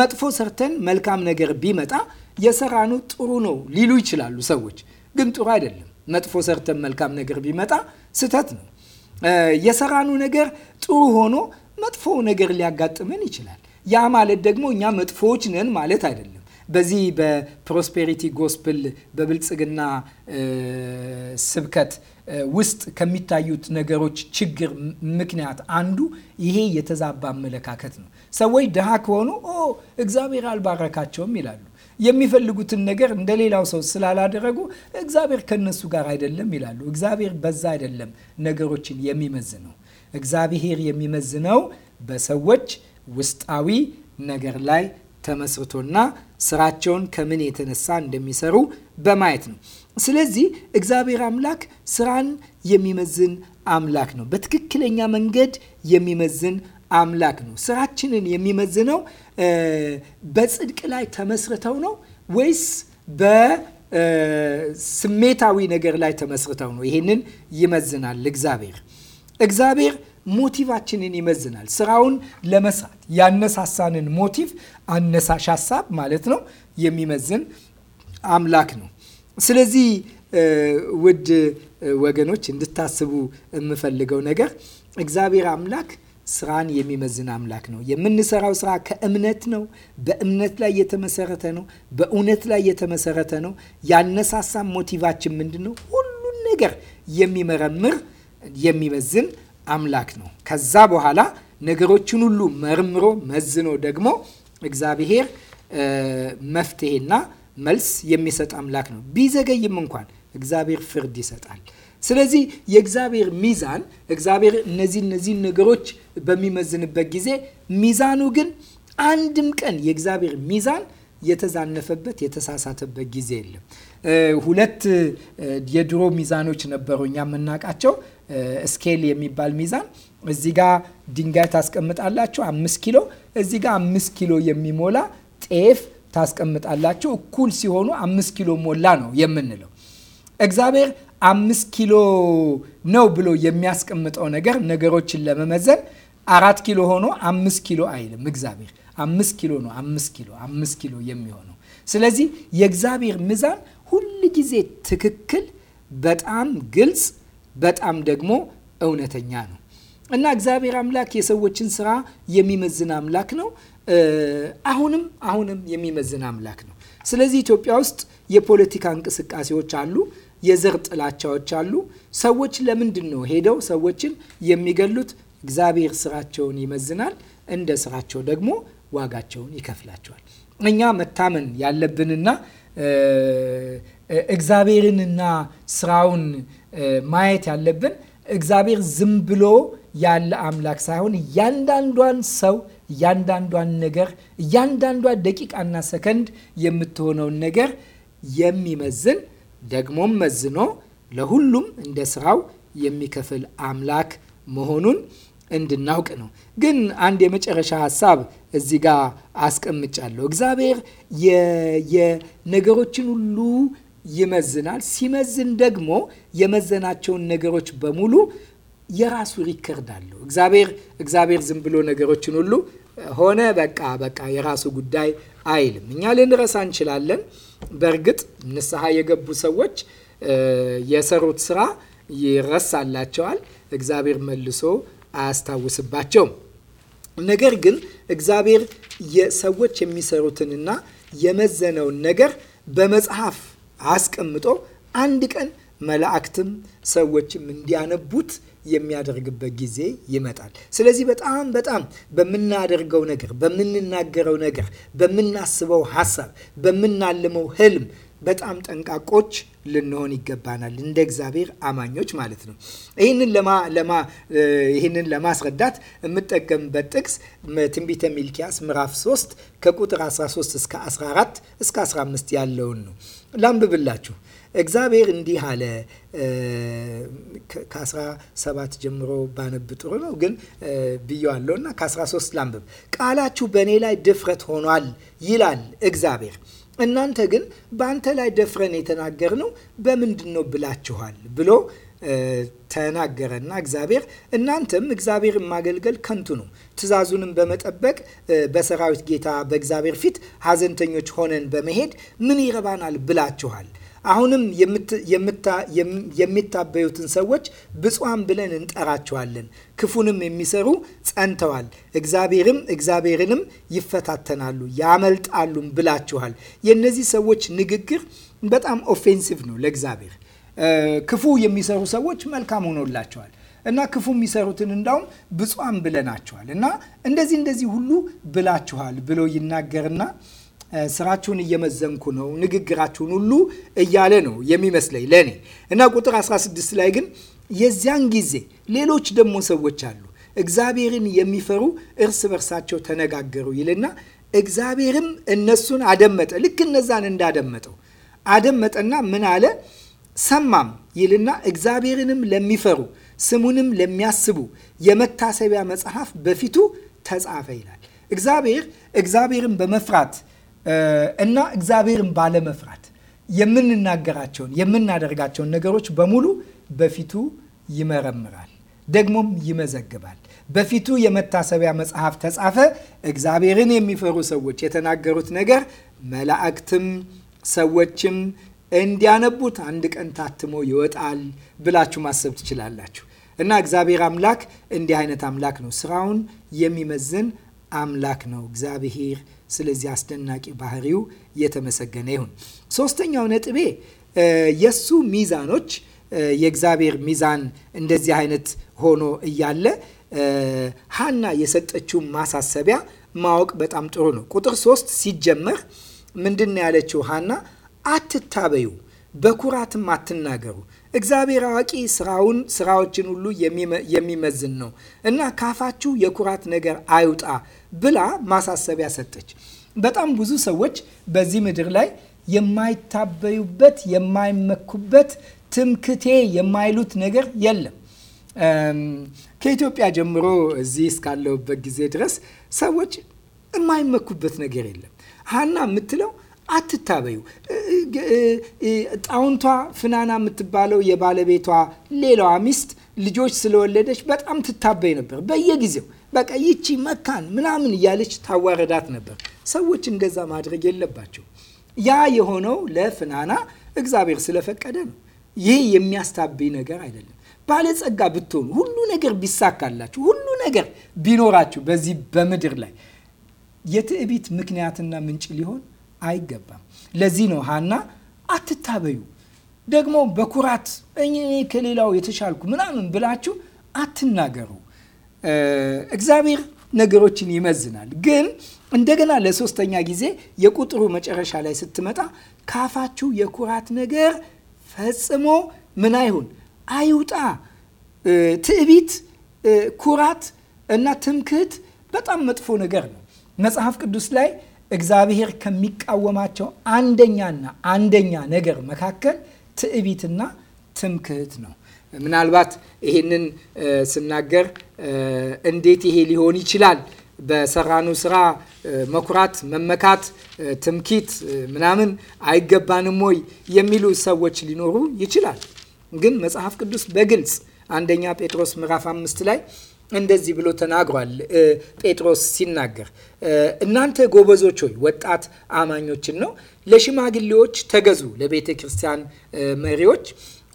መጥፎ ሰርተን መልካም ነገር ቢመጣ የሰራኑ ጥሩ ነው ሊሉ ይችላሉ ሰዎች፣ ግን ጥሩ አይደለም። መጥፎ ሰርተን መልካም ነገር ቢመጣ ስህተት ነው። የሰራኑ ነገር ጥሩ ሆኖ መጥፎ ነገር ሊያጋጥመን ይችላል። ያ ማለት ደግሞ እኛ መጥፎዎች ነን ማለት አይደለም። በዚህ በፕሮስፔሪቲ ጎስፕል በብልጽግና ስብከት ውስጥ ከሚታዩት ነገሮች ችግር ምክንያት አንዱ ይሄ የተዛባ አመለካከት ነው። ሰዎች ድሃ ከሆኑ ኦ እግዚአብሔር አልባረካቸውም ይላሉ። የሚፈልጉትን ነገር እንደ ሌላው ሰው ስላላደረጉ እግዚአብሔር ከነሱ ጋር አይደለም ይላሉ። እግዚአብሔር በዛ አይደለም ነገሮችን የሚመዝነው። እግዚአብሔር የሚመዝነው በሰዎች ውስጣዊ ነገር ላይ ተመስርቶና ስራቸውን ከምን የተነሳ እንደሚሰሩ በማየት ነው። ስለዚህ እግዚአብሔር አምላክ ስራን የሚመዝን አምላክ ነው። በትክክለኛ መንገድ የሚመዝን አምላክ ነው። ስራችንን የሚመዝነው በጽድቅ ላይ ተመስርተው ነው ወይስ በስሜታዊ ነገር ላይ ተመስርተው ነው? ይህንን ይመዝናል እግዚአብሔር እግዚአብሔር ሞቲቫችንን ይመዝናል። ስራውን ለመስራት ያነሳሳንን ሞቲቭ አነሳሽ ሀሳብ ማለት ነው የሚመዝን አምላክ ነው። ስለዚህ ውድ ወገኖች እንድታስቡ የምፈልገው ነገር እግዚአብሔር አምላክ ስራን የሚመዝን አምላክ ነው። የምንሰራው ስራ ከእምነት ነው። በእምነት ላይ የተመሰረተ ነው። በእውነት ላይ የተመሰረተ ነው። ያነሳሳ ሞቲቫችን ምንድን ነው? ሁሉን ነገር የሚመረምር የሚመዝን አምላክ ነው። ከዛ በኋላ ነገሮችን ሁሉ መርምሮ መዝኖ ደግሞ እግዚአብሔር መፍትሄና መልስ የሚሰጥ አምላክ ነው። ቢዘገይም እንኳን እግዚአብሔር ፍርድ ይሰጣል። ስለዚህ የእግዚአብሔር ሚዛን እግዚአብሔር እነዚህ እነዚህን ነገሮች በሚመዝንበት ጊዜ ሚዛኑ ግን አንድም ቀን የእግዚአብሔር ሚዛን የተዛነፈበት የተሳሳተበት ጊዜ የለም። ሁለት የድሮ ሚዛኖች ነበሩ እኛ የምናውቃቸው ስኬል የሚባል ሚዛን እዚህ ጋ ድንጋይ ታስቀምጣላችሁ አምስት ኪሎ እዚህ ጋ አምስት ኪሎ የሚሞላ ጤፍ ታስቀምጣላችሁ። እኩል ሲሆኑ አምስት ኪሎ ሞላ ነው የምንለው። እግዚአብሔር አምስት ኪሎ ነው ብሎ የሚያስቀምጠው ነገር ነገሮችን ለመመዘን አራት ኪሎ ሆኖ አምስት ኪሎ አይልም። እግዚአብሔር አምስት ኪሎ ነው አምስት ኪሎ አምስት ኪሎ የሚሆነው ስለዚህ የእግዚአብሔር ሚዛን ሁል ጊዜ ትክክል፣ በጣም ግልጽ በጣም ደግሞ እውነተኛ ነው እና እግዚአብሔር አምላክ የሰዎችን ስራ የሚመዝን አምላክ ነው። አሁንም አሁንም የሚመዝን አምላክ ነው። ስለዚህ ኢትዮጵያ ውስጥ የፖለቲካ እንቅስቃሴዎች አሉ። የዘር ጥላቻዎች አሉ። ሰዎች ለምንድን ነው ሄደው ሰዎችን የሚገሉት? እግዚአብሔር ስራቸውን ይመዝናል። እንደ ስራቸው ደግሞ ዋጋቸውን ይከፍላቸዋል። እኛ መታመን ያለብንና እግዚአብሔርንና ስራውን ማየት ያለብን እግዚአብሔር ዝም ብሎ ያለ አምላክ ሳይሆን እያንዳንዷን ሰው እያንዳንዷን ነገር እያንዳንዷ ደቂቃና ሰከንድ የምትሆነውን ነገር የሚመዝን ደግሞም መዝኖ ለሁሉም እንደ ስራው የሚከፍል አምላክ መሆኑን እንድናውቅ ነው። ግን አንድ የመጨረሻ ሀሳብ እዚህ ጋር አስቀምጫለሁ። እግዚአብሔር የነገሮችን ሁሉ ይመዝናል። ሲመዝን ደግሞ የመዘናቸውን ነገሮች በሙሉ የራሱ ሪከርድ አለው። እግዚአብሔር እግዚአብሔር ዝም ብሎ ነገሮችን ሁሉ ሆነ በቃ በቃ የራሱ ጉዳይ አይልም። እኛ ልንረሳ እንችላለን። በእርግጥ ንስሐ የገቡ ሰዎች የሰሩት ስራ ይረሳላቸዋል። እግዚአብሔር መልሶ አያስታውስባቸውም። ነገር ግን እግዚአብሔር ሰዎች የሚሰሩትንና የመዘነውን ነገር በመጽሐፍ አስቀምጦ አንድ ቀን መላእክትም ሰዎችም እንዲያነቡት የሚያደርግበት ጊዜ ይመጣል። ስለዚህ በጣም በጣም በምናደርገው ነገር፣ በምንናገረው ነገር፣ በምናስበው ሀሳብ፣ በምናልመው ህልም በጣም ጠንቃቆች ልንሆን ይገባናል፣ እንደ እግዚአብሔር አማኞች ማለት ነው። ይህንን ለማ ይህንን ለማስረዳት የምጠቀምበት ጥቅስ ትንቢተ ሚልኪያስ ምዕራፍ 3 ከቁጥር 13 እስከ 14 እስከ 15 ያለውን ነው። ላንብብላችሁ። እግዚአብሔር እንዲህ አለ። ከ17 ጀምሮ ባነብ ጥሩ ነው ግን ብየዋለሁ እና ከ13 ላንብብ። ቃላችሁ በእኔ ላይ ድፍረት ሆኗል ይላል እግዚአብሔር እናንተ ግን በአንተ ላይ ደፍረን የተናገርነው በምንድን ነው ብላችኋል ብሎ ተናገረና እግዚአብሔር እናንተም እግዚአብሔር ማገልገል ከንቱ ነው፣ ትእዛዙንም በመጠበቅ በሰራዊት ጌታ በእግዚአብሔር ፊት ሀዘንተኞች ሆነን በመሄድ ምን ይረባናል ብላችኋል። አሁንም የሚታበዩትን ሰዎች ብፁዓን ብለን እንጠራቸዋለን። ክፉንም የሚሰሩ ጸንተዋል፣ እግዚአብሔርም እግዚአብሔርንም ይፈታተናሉ ያመልጣሉም ብላችኋል። የእነዚህ ሰዎች ንግግር በጣም ኦፌንሲቭ ነው ለእግዚአብሔር። ክፉ የሚሰሩ ሰዎች መልካም ሆኖላቸዋል እና ክፉ የሚሰሩትን እንዳውም ብፁዓን ብለናቸዋል እና እንደዚህ እንደዚህ ሁሉ ብላችኋል ብሎ ይናገርና ስራችሁን እየመዘንኩ ነው፣ ንግግራችሁን ሁሉ እያለ ነው የሚመስለኝ ለእኔ እና ቁጥር 16 ላይ ግን የዚያን ጊዜ ሌሎች ደግሞ ሰዎች አሉ እግዚአብሔርን የሚፈሩ እርስ በርሳቸው ተነጋገሩ ይልና እግዚአብሔርም እነሱን አደመጠ። ልክ እነዛን እንዳደመጠው አደመጠና ምን አለ ሰማም ይልና እግዚአብሔርንም ለሚፈሩ ስሙንም ለሚያስቡ የመታሰቢያ መጽሐፍ በፊቱ ተጻፈ ይላል። እግዚአብሔር እግዚአብሔርን በመፍራት እና እግዚአብሔርን ባለመፍራት የምንናገራቸውን የምናደርጋቸውን ነገሮች በሙሉ በፊቱ ይመረምራል፣ ደግሞም ይመዘግባል። በፊቱ የመታሰቢያ መጽሐፍ ተጻፈ። እግዚአብሔርን የሚፈሩ ሰዎች የተናገሩት ነገር መላእክትም ሰዎችም እንዲያነቡት አንድ ቀን ታትሞ ይወጣል ብላችሁ ማሰብ ትችላላችሁ። እና እግዚአብሔር አምላክ እንዲህ አይነት አምላክ ነው። ስራውን የሚመዝን አምላክ ነው እግዚአብሔር ስለዚህ አስደናቂ ባህሪው የተመሰገነ ይሁን። ሶስተኛው ነጥቤ የእሱ ሚዛኖች የእግዚአብሔር ሚዛን እንደዚህ አይነት ሆኖ እያለ ሀና የሰጠችውን ማሳሰቢያ ማወቅ በጣም ጥሩ ነው። ቁጥር ሶስት ሲጀመር ምንድን ያለችው ሀና? አትታበዩ፣ በኩራትም አትናገሩ። እግዚአብሔር አዋቂ ስራውን ስራዎችን ሁሉ የሚመዝን ነው እና ካፋችሁ የኩራት ነገር አይውጣ ብላ ማሳሰቢያ ሰጠች። በጣም ብዙ ሰዎች በዚህ ምድር ላይ የማይታበዩበት የማይመኩበት ትምክቴ የማይሉት ነገር የለም። ከኢትዮጵያ ጀምሮ እዚህ እስካለሁበት ጊዜ ድረስ ሰዎች የማይመኩበት ነገር የለም። ሀና የምትለው አትታበዩ። ጣውንቷ ፍናና የምትባለው የባለቤቷ ሌላዋ ሚስት ልጆች ስለወለደች በጣም ትታበይ ነበር በየጊዜው በቃ ይቺ መካን ምናምን እያለች ታዋረዳት ነበር። ሰዎች እንደዛ ማድረግ የለባቸው። ያ የሆነው ለፍናና እግዚአብሔር ስለፈቀደ ነው። ይህ የሚያስታብይ ነገር አይደለም። ባለጸጋ ብትሆኑ፣ ሁሉ ነገር ቢሳካላችሁ፣ ሁሉ ነገር ቢኖራችሁ በዚህ በምድር ላይ የትዕቢት ምክንያትና ምንጭ ሊሆን አይገባም። ለዚህ ነው ሀና አትታበዩ፣ ደግሞ በኩራት እኔ ከሌላው የተሻልኩ ምናምን ብላችሁ አትናገሩ። እግዚአብሔር ነገሮችን ይመዝናል። ግን እንደገና ለሶስተኛ ጊዜ የቁጥሩ መጨረሻ ላይ ስትመጣ ካፋችሁ የኩራት ነገር ፈጽሞ ምን አይሁን አይውጣ። ትዕቢት፣ ኩራት እና ትምክህት በጣም መጥፎ ነገር ነው። መጽሐፍ ቅዱስ ላይ እግዚአብሔር ከሚቃወማቸው አንደኛና አንደኛ ነገር መካከል ትዕቢትና ትምክህት ነው። ምናልባት ይሄንን ስናገር እንዴት ይሄ ሊሆን ይችላል በሰራኑ ስራ መኩራት፣ መመካት፣ ትምኪት ምናምን አይገባንም ወይ የሚሉ ሰዎች ሊኖሩ ይችላል። ግን መጽሐፍ ቅዱስ በግልጽ አንደኛ ጴጥሮስ ምዕራፍ አምስት ላይ እንደዚህ ብሎ ተናግሯል። ጴጥሮስ ሲናገር እናንተ ጎበዞች ሆይ ወጣት አማኞችን ነው ለሽማግሌዎች ተገዙ፣ ለቤተ ክርስቲያን መሪዎች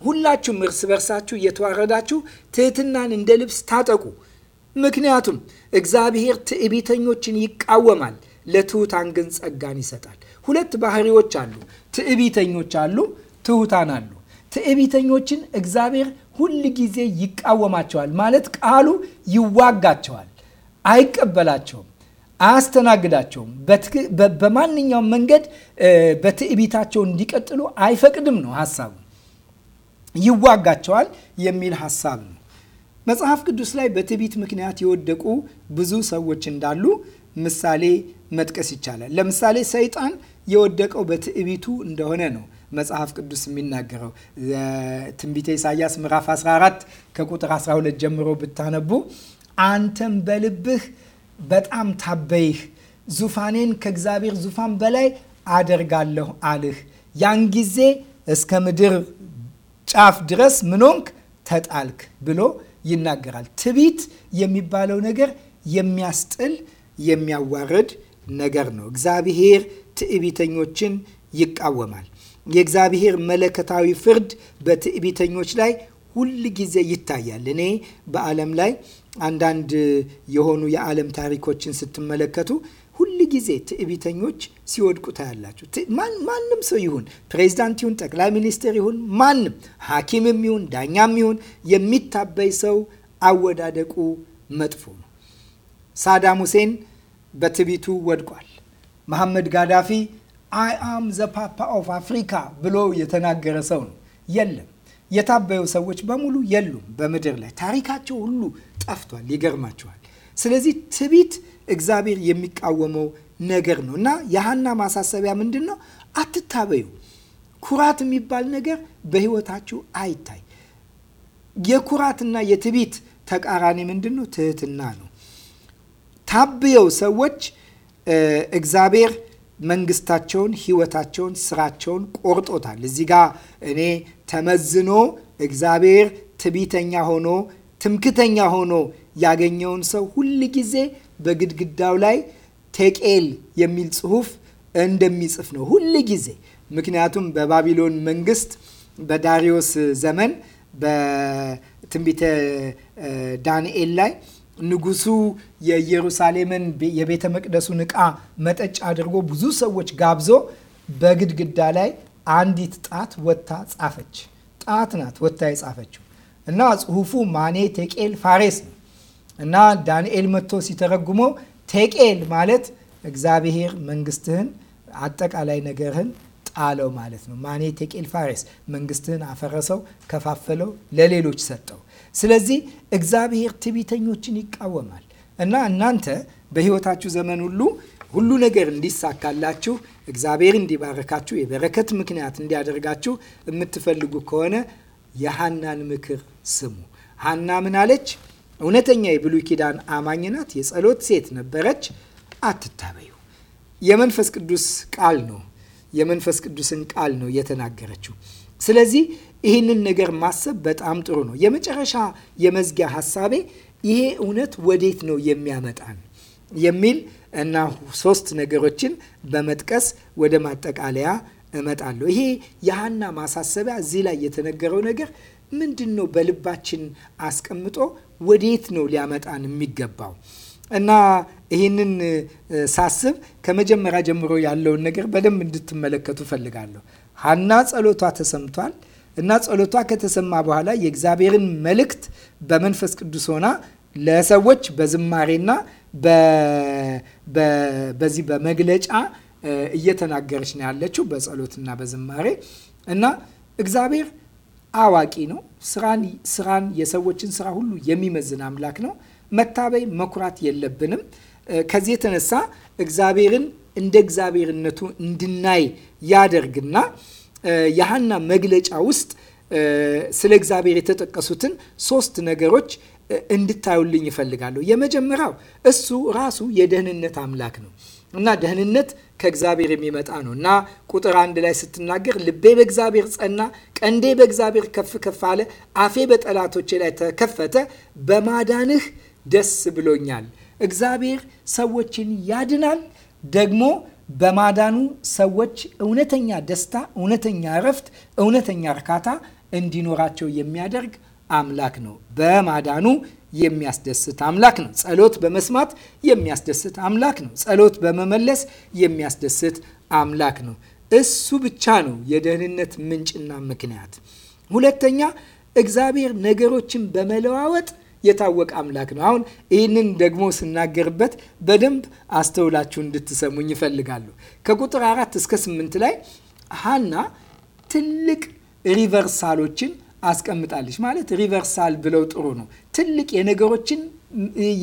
ሁላችሁም እርስ በርሳችሁ እየተዋረዳችሁ ትህትናን እንደ ልብስ ታጠቁ። ምክንያቱም እግዚአብሔር ትዕቢተኞችን ይቃወማል፣ ለትሑታን ግን ጸጋን ይሰጣል። ሁለት ባህሪዎች አሉ። ትዕቢተኞች አሉ፣ ትሑታን አሉ። ትዕቢተኞችን እግዚአብሔር ሁል ጊዜ ይቃወማቸዋል። ማለት ቃሉ ይዋጋቸዋል፣ አይቀበላቸውም፣ አያስተናግዳቸውም። በማንኛውም መንገድ በትዕቢታቸው እንዲቀጥሉ አይፈቅድም ነው ሀሳቡ። ይዋጋቸዋል የሚል ሀሳብ ነው። መጽሐፍ ቅዱስ ላይ በትዕቢት ምክንያት የወደቁ ብዙ ሰዎች እንዳሉ ምሳሌ መጥቀስ ይቻላል። ለምሳሌ ሰይጣን የወደቀው በትዕቢቱ እንደሆነ ነው መጽሐፍ ቅዱስ የሚናገረው። ትንቢተ ኢሳያስ ምዕራፍ 14 ከቁጥር 12 ጀምሮ ብታነቡ አንተም በልብህ በጣም ታበይህ፣ ዙፋኔን ከእግዚአብሔር ዙፋን በላይ አደርጋለሁ አልህ፣ ያን ጊዜ እስከ ምድር ጫፍ ድረስ ምኖንክ ተጣልክ ብሎ ይናገራል። ትቢት የሚባለው ነገር የሚያስጥል የሚያዋርድ ነገር ነው። እግዚአብሔር ትዕቢተኞችን ይቃወማል። የእግዚአብሔር መለከታዊ ፍርድ በትዕቢተኞች ላይ ሁል ጊዜ ይታያል። እኔ በዓለም ላይ አንዳንድ የሆኑ የዓለም ታሪኮችን ስትመለከቱ ጊዜ ትዕቢተኞች ሲወድቁ ታያላችሁ። ማንም ሰው ይሁን ፕሬዚዳንት ይሁን ጠቅላይ ሚኒስትር ይሁን ማንም ሐኪምም ይሁን ዳኛም ይሁን የሚታበይ ሰው አወዳደቁ መጥፎ ነው። ሳዳም ሁሴን በትዕቢቱ ወድቋል። መሐመድ ጋዳፊ አይ አም ዘ ፓፓ ኦፍ አፍሪካ ብሎ የተናገረ ሰው ነው። የለም የታበዩ ሰዎች በሙሉ የሉም በምድር ላይ ታሪካቸው ሁሉ ጠፍቷል። ይገርማቸዋል ስለዚህ ትዕቢት እግዚአብሔር የሚቃወመው ነገር ነው እና የሀና ማሳሰቢያ ምንድን ነው? አትታበዩ። ኩራት የሚባል ነገር በህይወታችሁ አይታይ። የኩራትና የትቢት ተቃራኒ ምንድን ነው? ትህትና ነው። ታብየው ሰዎች እግዚአብሔር መንግስታቸውን፣ ህይወታቸውን፣ ስራቸውን ቆርጦታል። እዚህ ጋ እኔ ተመዝኖ እግዚአብሔር ትቢተኛ ሆኖ ትምክተኛ ሆኖ ያገኘውን ሰው ሁል ጊዜ በግድግዳው ላይ ቴቄል የሚል ጽሁፍ እንደሚጽፍ ነው ሁል ጊዜ። ምክንያቱም በባቢሎን መንግስት በዳሪዮስ ዘመን በትንቢተ ዳንኤል ላይ ንጉሱ የኢየሩሳሌምን የቤተ መቅደሱን ዕቃ መጠጫ አድርጎ ብዙ ሰዎች ጋብዞ በግድግዳ ላይ አንዲት ጣት ወታ ጻፈች። ጣት ናት ወታ የጻፈችው እና ጽሁፉ ማኔ ቴቄል ፋሬስ ነው። እና ዳንኤል መጥቶ ሲተረጉሞ ቴቄል ማለት እግዚአብሔር መንግስትህን አጠቃላይ ነገርህን ጣለው ማለት ነው። ማኔ ቴቄል ፋሬስ መንግስትህን አፈረሰው፣ ከፋፈለው፣ ለሌሎች ሰጠው። ስለዚህ እግዚአብሔር ትዕቢተኞችን ይቃወማል እና እናንተ በህይወታችሁ ዘመን ሁሉ ሁሉ ነገር እንዲሳካላችሁ እግዚአብሔር እንዲባረካችሁ የበረከት ምክንያት እንዲያደርጋችሁ የምትፈልጉ ከሆነ የሀናን ምክር ስሙ። ሀና ምን አለች? እውነተኛ የብሉይ ኪዳን አማኝ ናት። የጸሎት ሴት ነበረች። አትታበዩ። የመንፈስ ቅዱስ ቃል ነው። የመንፈስ ቅዱስን ቃል ነው የተናገረችው። ስለዚህ ይህንን ነገር ማሰብ በጣም ጥሩ ነው። የመጨረሻ የመዝጊያ ሀሳቤ ይሄ እውነት ወዴት ነው የሚያመጣን የሚል እና ሶስት ነገሮችን በመጥቀስ ወደ ማጠቃለያ እመጣለሁ። ይሄ የሀና ማሳሰቢያ እዚህ ላይ የተነገረው ነገር ምንድን ነው? በልባችን አስቀምጦ ወዴት ነው ሊያመጣን የሚገባው? እና ይህንን ሳስብ ከመጀመሪያ ጀምሮ ያለውን ነገር በደንብ እንድትመለከቱ ፈልጋለሁ። ሀና ጸሎቷ ተሰምቷል እና ጸሎቷ ከተሰማ በኋላ የእግዚአብሔርን መልእክት በመንፈስ ቅዱስ ሆና ለሰዎች በዝማሬና በዚህ በመግለጫ እየተናገረች ነው ያለችው፣ በጸሎትና በዝማሬ እና እግዚአብሔር አዋቂ ነው ስራን ስራን የሰዎችን ስራ ሁሉ የሚመዝን አምላክ ነው። መታበይ መኩራት የለብንም። ከዚህ የተነሳ እግዚአብሔርን እንደ እግዚአብሔርነቱ እንድናይ ያደርግና የሀና መግለጫ ውስጥ ስለ እግዚአብሔር የተጠቀሱትን ሶስት ነገሮች እንድታዩልኝ ይፈልጋለሁ። የመጀመሪያው እሱ ራሱ የደህንነት አምላክ ነው። እና ደህንነት ከእግዚአብሔር የሚመጣ ነው እና ቁጥር አንድ ላይ ስትናገር ልቤ በእግዚአብሔር ጸና፣ ቀንዴ በእግዚአብሔር ከፍ ከፍ አለ፣ አፌ በጠላቶቼ ላይ ተከፈተ፣ በማዳንህ ደስ ብሎኛል። እግዚአብሔር ሰዎችን ያድናል። ደግሞ በማዳኑ ሰዎች እውነተኛ ደስታ፣ እውነተኛ እረፍት፣ እውነተኛ እርካታ እንዲኖራቸው የሚያደርግ አምላክ ነው። በማዳኑ የሚያስደስት አምላክ ነው። ጸሎት በመስማት የሚያስደስት አምላክ ነው። ጸሎት በመመለስ የሚያስደስት አምላክ ነው። እሱ ብቻ ነው የደህንነት ምንጭና ምክንያት። ሁለተኛ እግዚአብሔር ነገሮችን በመለዋወጥ የታወቀ አምላክ ነው። አሁን ይህንን ደግሞ ስናገርበት በደንብ አስተውላችሁ እንድትሰሙኝ ይፈልጋሉ። ከቁጥር አራት እስከ ስምንት ላይ ሀና ትልቅ ሪቨርሳሎችን አስቀምጣለች። ማለት ሪቨርሳል ብለው ጥሩ ነው። ትልቅ የነገሮችን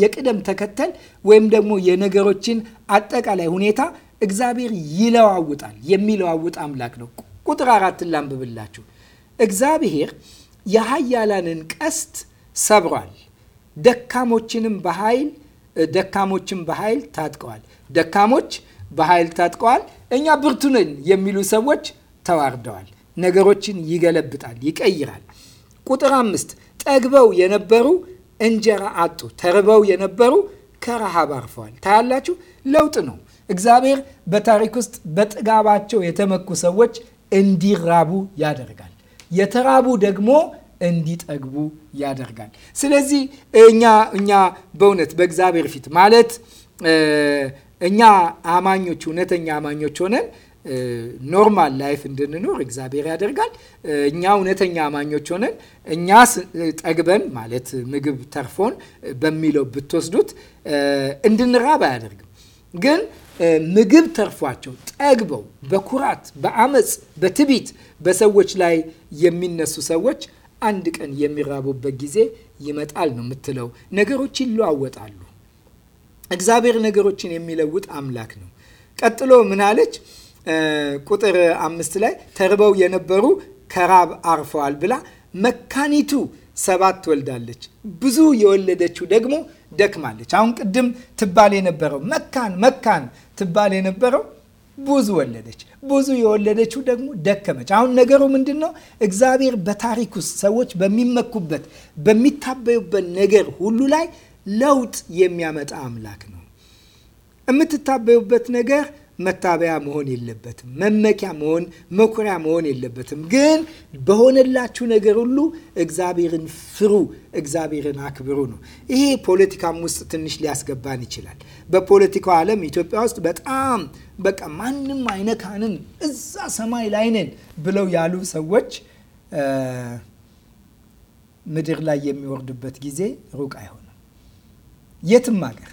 የቅደም ተከተል ወይም ደግሞ የነገሮችን አጠቃላይ ሁኔታ እግዚአብሔር ይለዋውጣል። የሚለዋውጥ አምላክ ነው። ቁጥር አራትን ላንብብላችሁ። እግዚአብሔር የሀያላንን ቀስት ሰብሯል፣ ደካሞችንም በኃይል ደካሞችን በኃይል ታጥቀዋል። ደካሞች በኃይል ታጥቀዋል። እኛ ብርቱ ነን የሚሉ ሰዎች ተዋርደዋል። ነገሮችን ይገለብጣል፣ ይቀይራል። ቁጥር አምስት ጠግበው የነበሩ እንጀራ አጡ፣ ተርበው የነበሩ ከረሃብ አርፈዋል። ታያላችሁ፣ ለውጥ ነው። እግዚአብሔር በታሪክ ውስጥ በጥጋባቸው የተመኩ ሰዎች እንዲራቡ ያደርጋል። የተራቡ ደግሞ እንዲጠግቡ ያደርጋል። ስለዚህ እኛ እኛ በእውነት በእግዚአብሔር ፊት ማለት እኛ አማኞች እውነተኛ አማኞች ሆነን ኖርማል ላይፍ እንድንኖር እግዚአብሔር ያደርጋል። እኛ እውነተኛ አማኞች ሆነን እኛ ጠግበን ማለት ምግብ ተርፎን በሚለው ብትወስዱት እንድንራብ አያደርግም። ግን ምግብ ተርፏቸው ጠግበው በኩራት በአመፅ በትቢት በሰዎች ላይ የሚነሱ ሰዎች አንድ ቀን የሚራቡበት ጊዜ ይመጣል ነው የምትለው። ነገሮች ይለዋወጣሉ። እግዚአብሔር ነገሮችን የሚለውጥ አምላክ ነው። ቀጥሎ ምን አለች? ቁጥር አምስት ላይ ተርበው የነበሩ ከራብ አርፈዋል ብላ መካኒቱ ሰባት ወልዳለች፣ ብዙ የወለደችው ደግሞ ደክማለች። አሁን ቅድም ትባል የነበረው መካን መካን ትባል የነበረው ብዙ ወለደች፣ ብዙ የወለደችው ደግሞ ደከመች። አሁን ነገሩ ምንድን ነው? እግዚአብሔር በታሪክ ውስጥ ሰዎች በሚመኩበት በሚታበዩበት ነገር ሁሉ ላይ ለውጥ የሚያመጣ አምላክ ነው። የምትታበዩበት ነገር መታበያ መሆን የለበትም። መመኪያ መሆን መኩሪያ መሆን የለበትም። ግን በሆነላችሁ ነገር ሁሉ እግዚአብሔርን ፍሩ፣ እግዚአብሔርን አክብሩ ነው። ይሄ ፖለቲካም ውስጥ ትንሽ ሊያስገባን ይችላል። በፖለቲካው ዓለም ኢትዮጵያ ውስጥ በጣም በቃ ማንም አይነካንም እዛ ሰማይ ላይ ነን ብለው ያሉ ሰዎች ምድር ላይ የሚወርዱበት ጊዜ ሩቅ አይሆንም። የትም አገር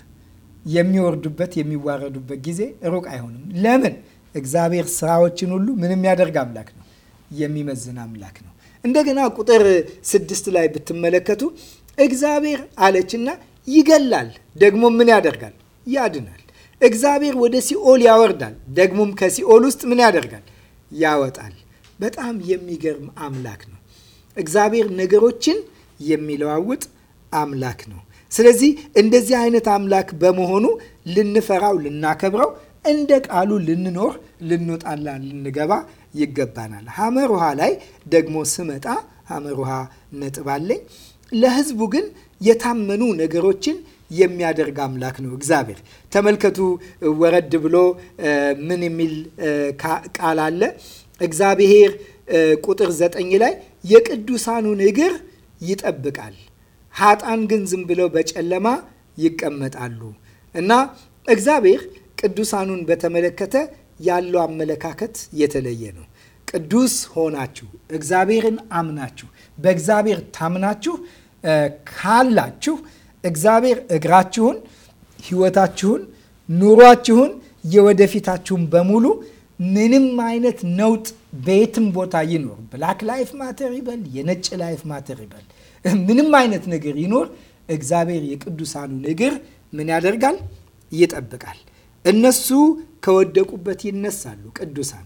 የሚወርዱበት የሚዋረዱበት ጊዜ ሩቅ አይሆንም። ለምን? እግዚአብሔር ስራዎችን ሁሉ ምንም ያደርግ አምላክ ነው፣ የሚመዝን አምላክ ነው። እንደገና ቁጥር ስድስት ላይ ብትመለከቱ እግዚአብሔር አለችና ይገላል፣ ደግሞ ምን ያደርጋል? ያድናል። እግዚአብሔር ወደ ሲኦል ያወርዳል፣ ደግሞም ከሲኦል ውስጥ ምን ያደርጋል? ያወጣል። በጣም የሚገርም አምላክ ነው። እግዚአብሔር ነገሮችን የሚለዋውጥ አምላክ ነው። ስለዚህ እንደዚህ አይነት አምላክ በመሆኑ ልንፈራው፣ ልናከብረው፣ እንደ ቃሉ ልንኖር፣ ልንወጣና ልንገባ ይገባናል። ሐመር ውሃ ላይ ደግሞ ስመጣ ሐመር ውሃ ነጥብ አለኝ። ለህዝቡ ግን የታመኑ ነገሮችን የሚያደርግ አምላክ ነው እግዚአብሔር። ተመልከቱ፣ ወረድ ብሎ ምን የሚል ቃል አለ? እግዚአብሔር ቁጥር ዘጠኝ ላይ የቅዱሳኑን እግር ይጠብቃል ሀጣን ግን ዝም ብለው በጨለማ ይቀመጣሉ። እና እግዚአብሔር ቅዱሳኑን በተመለከተ ያለው አመለካከት የተለየ ነው። ቅዱስ ሆናችሁ እግዚአብሔርን አምናችሁ በእግዚአብሔር ታምናችሁ ካላችሁ እግዚአብሔር እግራችሁን፣ ህይወታችሁን፣ ኑሯችሁን፣ የወደፊታችሁን በሙሉ ምንም አይነት ነውጥ በየትም ቦታ ይኖር ብላክ ላይፍ ማተር ይበል የነጭ ላይፍ ማተር ይበል ምንም አይነት ነገር ይኖር እግዚአብሔር የቅዱሳኑን እግር ምን ያደርጋል? ይጠብቃል። እነሱ ከወደቁበት ይነሳሉ። ቅዱሳን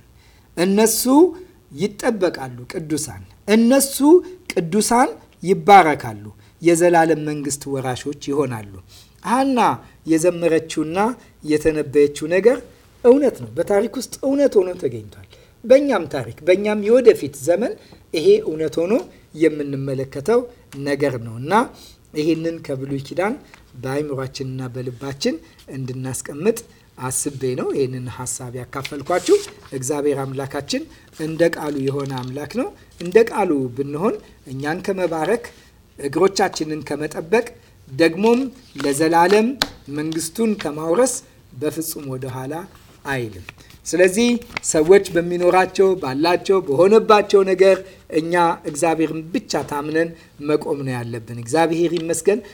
እነሱ ይጠበቃሉ። ቅዱሳን እነሱ ቅዱሳን ይባረካሉ። የዘላለም መንግስት ወራሾች ይሆናሉ። ሐና የዘመረችውና የተነበየችው ነገር እውነት ነው። በታሪክ ውስጥ እውነት ሆኖ ተገኝቷል። በእኛም ታሪክ በእኛም የወደፊት ዘመን ይሄ እውነት ሆኖ የምንመለከተው ነገር ነው እና ይህንን ከብሉይ ኪዳን በአይምሯችንና በልባችን እንድናስቀምጥ አስቤ ነው ይህንን ሀሳብ ያካፈልኳችሁ። እግዚአብሔር አምላካችን እንደ ቃሉ የሆነ አምላክ ነው። እንደ ቃሉ ብንሆን እኛን ከመባረክ እግሮቻችንን ከመጠበቅ ደግሞም ለዘላለም መንግስቱን ከማውረስ በፍጹም ወደኋላ አይልም። ስለዚህ ሰዎች በሚኖራቸው ባላቸው በሆነባቸው ነገር እኛ እግዚአብሔርን ብቻ ታምነን መቆም ነው ያለብን። እግዚአብሔር ይመስገን